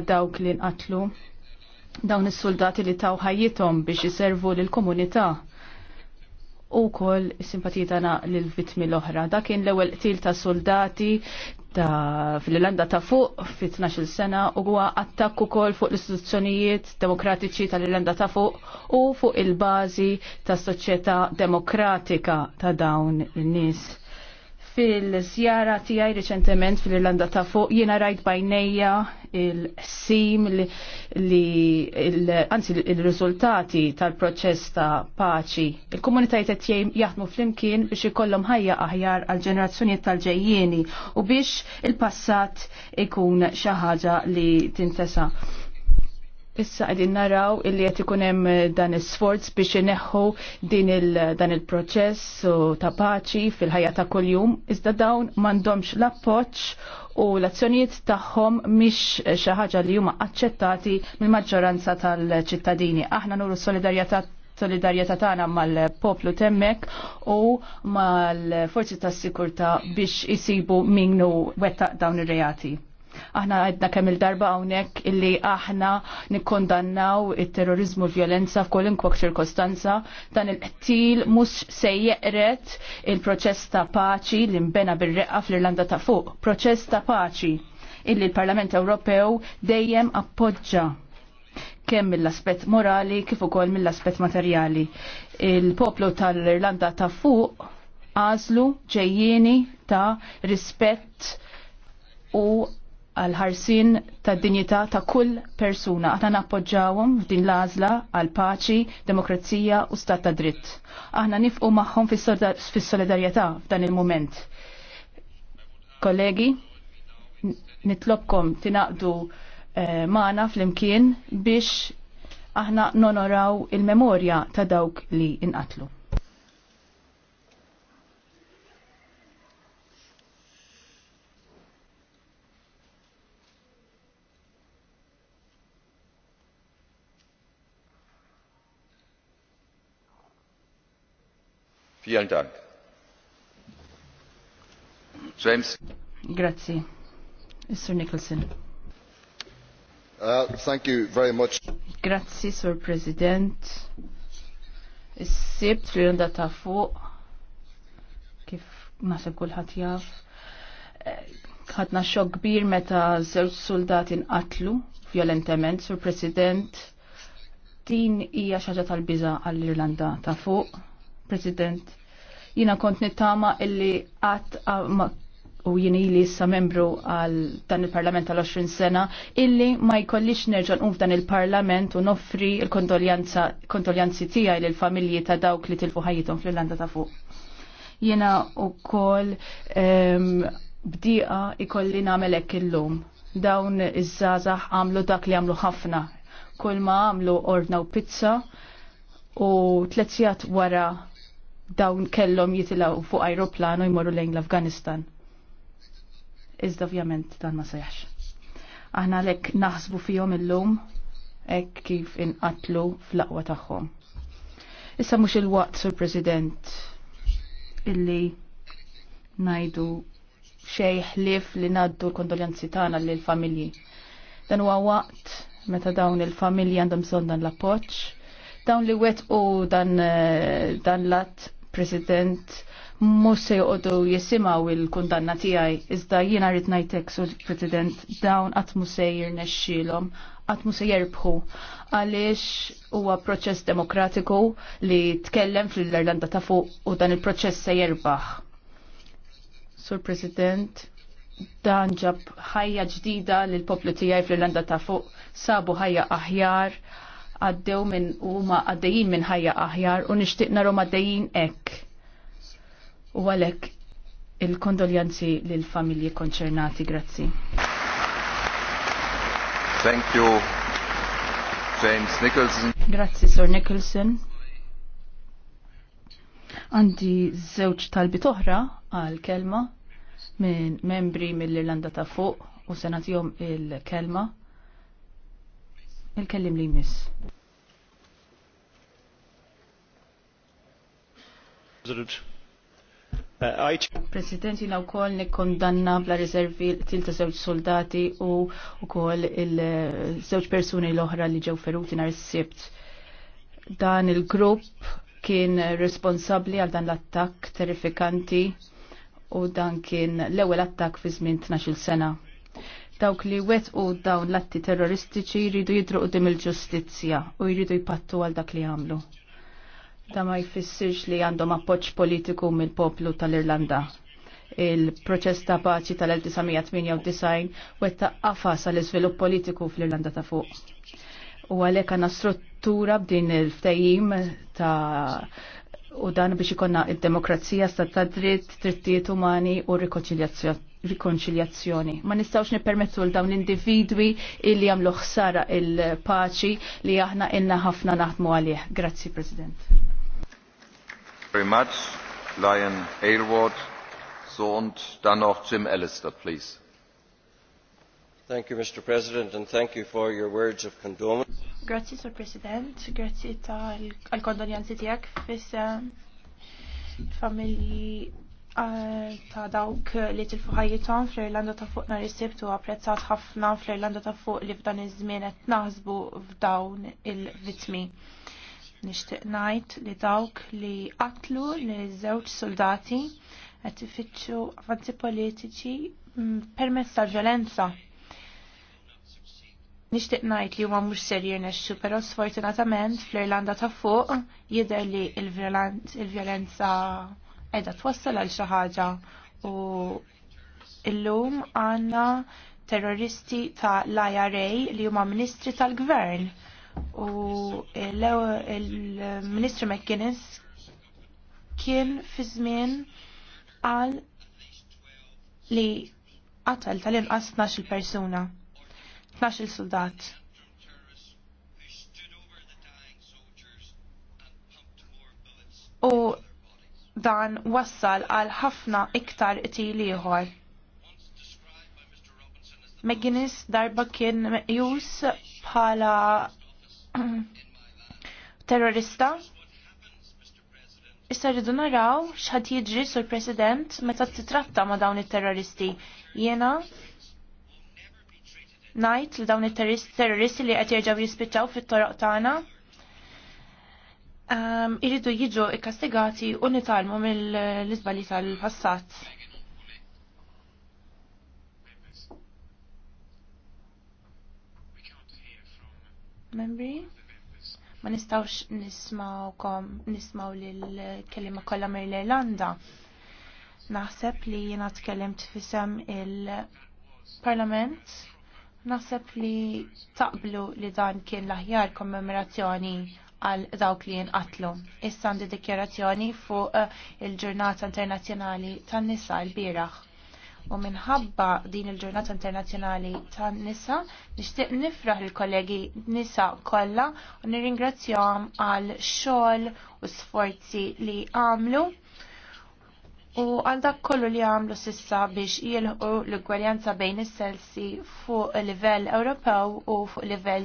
dawk li nqatlu dawn is-soldati li taw ħajjithom biex iservu lil komunità u kol simpatija tagħna lil vitmi l-oħra. Da kien l-ewwel qtil ta' soldati ta' fil-Irlanda ta' fuq fi 12 sena u huwa attakk ukoll fuq l-istituzzjonijiet demokratiċi tal-Irlanda ta' fuq u fuq il-bażi tas soċjetà demokratika ta' dawn in-nies fil-sjara tijaj reċentement fil-Irlanda ta' fuq jiena rajt bajnejja il-sim li, il, anzi il-rizultati tal-proċess ta' paċi. Il-komunitajiet qed jaħdmu flimkien biex ikollhom ħajja aħjar għal ġenerazzjonijiet tal-ġejjieni u biex il-passat ikun xi ħaġa li tintesa' Issa għedin naraw illi għet ikunem eh, dan il-sforz biex neħu din eh, il-proċess u ta' paċi fil-ħajja ta' kol-jum, iżda dawn mandomx l poċ u l-azzjonijiet tagħhom mhix eh, xi ħaġa li huma aċċettati mill-maġġoranza tal-ċittadini. Aħna nuru solidarjetà solidarjetà tagħna mal-poplu temmek u mal-forzi tas sikurta biex isibu minnu wettaq dawn ir-reati. Aħna għedna kemm il-darba hawnhekk illi aħna nikkondannaw it-terrorizmu l-vjolenza f'kolinkwa ċirkostanza dan il-qtil mhux se jeqret il-proċess ta' paċi li nbena bir-reqqa fl-Irlanda ta' fuq. Proċess ta' paċi illi l-Parlament Ewropew dejjem appoġġa kemm mill-aspett morali kif ukoll mill-aspett materjali. Il-poplu tal-Irlanda ta' fuq għażlu ġejjieni ta' rispett u għal ħarsin ta' dinjità ta' kull persuna. Aħna nappoġġawhom f'din l-għażla għal paċi, demokrazija u stat ta' dritt. Aħna nifqu magħhom fis-solidarjetà f'dan il-mument. Kollegi, nitlobkom tinaqdu eh, magħna fl-imkien biex aħna nonoraw il-memorja ta' dawk li inqatlu. Vielen Dank. James. Grazie. Mr. Nicholson. Uh, thank you very much. Grazzi, Sur President. is sib li ta' fuq, kif nasib kulħadd jaf, eh, ħadna xok kbir meta żewġ soldati nqatlu violentement, Sur President. Din hija xaġa tal-biża għall-Irlanda ta' fuq President. Jina kont nittama illi għat u jien li issa membru għal dan il-parlament għal 20 sena illi ma jkollix nerġa' uf f'dan il-parlament u noffri l-kondoljanzi tiegħi lil familji ta' dawk li tilfu ħajjithom fl landa ta' fuq. Jiena wkoll bdiqa ikolli nagħmel hekk illum. Dawn iż-żgħażagħ għamlu dak li għamlu ħafna. Kull ma għamlu ordna u pizza u tletzijat wara dawn kellhom jitilaw fuq aeroplano jmorru lejn l-Afganistan. Iżda ovvjament dan ma sejax. Aħna lek naħsbu fihom illum hekk kif inqatlu fl-aqwa tagħhom. Issa mhux il-waqt, Sur President, illi ngħidu xejn ħlief li ngħaddu l-kondoljanzi tagħna lill familji. Dan huwa waqt meta dawn il-familji għandhom bżonn dan l-appoġġ dawn li wet u dan, eh, dan lat President, mhux se joqogħdu jisimgħu il-kundanna tiegħi, iżda jina rrid ngħidlek sur President dawn qatt Mosse se jirnexxielhom, qatt mhu se jerbħu għaliex huwa proċess demokratiku li tkellem fl-Irlanda ta' fuq u dan il-proċess se jirbaħ. Sur President, dan ġab ħajja ġdida lill poplu tiegħi fl-Irlanda ta' fuq sabu ħajja aħjar għaddew minn huma għaddejin minn ħajja aħjar u nixtieq narom għaddejjin hekk. U għalhekk il-kondoljanzi lill familji konċernati, grazzi. Thank you, James Nicholson. Grazzi, Sir Nicholson. Għandi żewġ talbit oħra għal kelma minn membri mill-Irlanda ta' fuq u senatjom il-kelma il-kellim li jmiss. President, jina u koll nikkondanna bla til ta' zewġ soldati u u kol il-żewġ persuni l-oħra li ġew feruti nar sibt Dan il-grupp kien responsabli għal dan l-attak terrifikanti u dan kien l-ewwel attak fi żmien 12 sena. Dawk li u dawn l-atti terroristiċi jridu jidru dim il-ġustizzja u jridu jpattu għal dak li għamlu. Da ma jfissirx li għandhom appoġġ politiku mill-poplu tal-Irlanda il-proċess ta' paċi tal-1998 wetta qafas għal iżvilupp politiku fl-Irlanda ta' fuq. U għalek għanna struttura b'din il-ftajim ta' u dan biex ikonna id-demokrazija, stat ta' dritt, drittijiet umani u rikonċiljazzjoni rikonċiljazzjoni. Ma nistawx nipermettu l dawn individwi illi għamlu ħsara il-paċi li aħna inna ħafna naħdmu għalih. Grazzi, President. Very much, Lion Aylward. So und dann noch Jim Allister, please. Thank you, Mr. President, and thank you for your words of condolence. Grazie, Sir President, Grazie tal-kondoljanzi tijak fissa eh, familji Eh, ta' dawk li tilfu ħajjithom fl-Irlanda ta' fuq nhar is sibtu apprezzat ħafna fl-Irlanda ta' fuq li f'dan iż-żmien qed naħsbu f'dawn il-vittmi. Nixtieq ngħid li dawk li qatlu li żewġ soldati qed ifittxu avanti politiċi mm, permezz tal-violenza. Nixtieq ngħid li huma mhux ser jirnexxu, però sfortunatament fl-Irlanda ta' fuq jidher li l-vjolenza edha twassal għal xi ħaġa u illum għandna terroristi ta' l-IRA li huma ministri tal-gvern u il-ministru McGuinness kien fi żmien li qatel tal-inqas 12 persuna 12 soldat dan wassal għal ħafna iktar ieħor. McGuinness darba kien meqjus bħala terrorista. Issa rridu naraw x'ħad jiġri sur President meta titratta ma' dawn it-terroristi. Jiena ngħid li dawn it-terroristi li qed jerġgħu jispiċċaw fit-toroq tagħna um, ehm, irridu jiġu ikkastigati u nitalmu mill-izbali tal-passat. Membri? Ma nistawx kom, nismaw lil-kelima kollha mill-Irlanda. Naħseb li jiena tkellimt fisem il-Parlament. Naħseb li taqblu li dan kien l-aħjar kommemorazzjoni għal dawk li jinqatlu. Issa għandi dikjarazzjoni fuq eh, il-ġurnata internazzjonali tan-nisa l biraħ U minħabba din il-ġurnata internazzjonali tan-nisa, nixtieq nifraħ il-kollegi nisa kollha u nirringrazzjahom għal xogħol u sforzi li għamlu u għal dak kollu li għamlu sissa biex jilħu l-ugwaljanza bejn is-selsi fuq livell Ewropew u fuq livell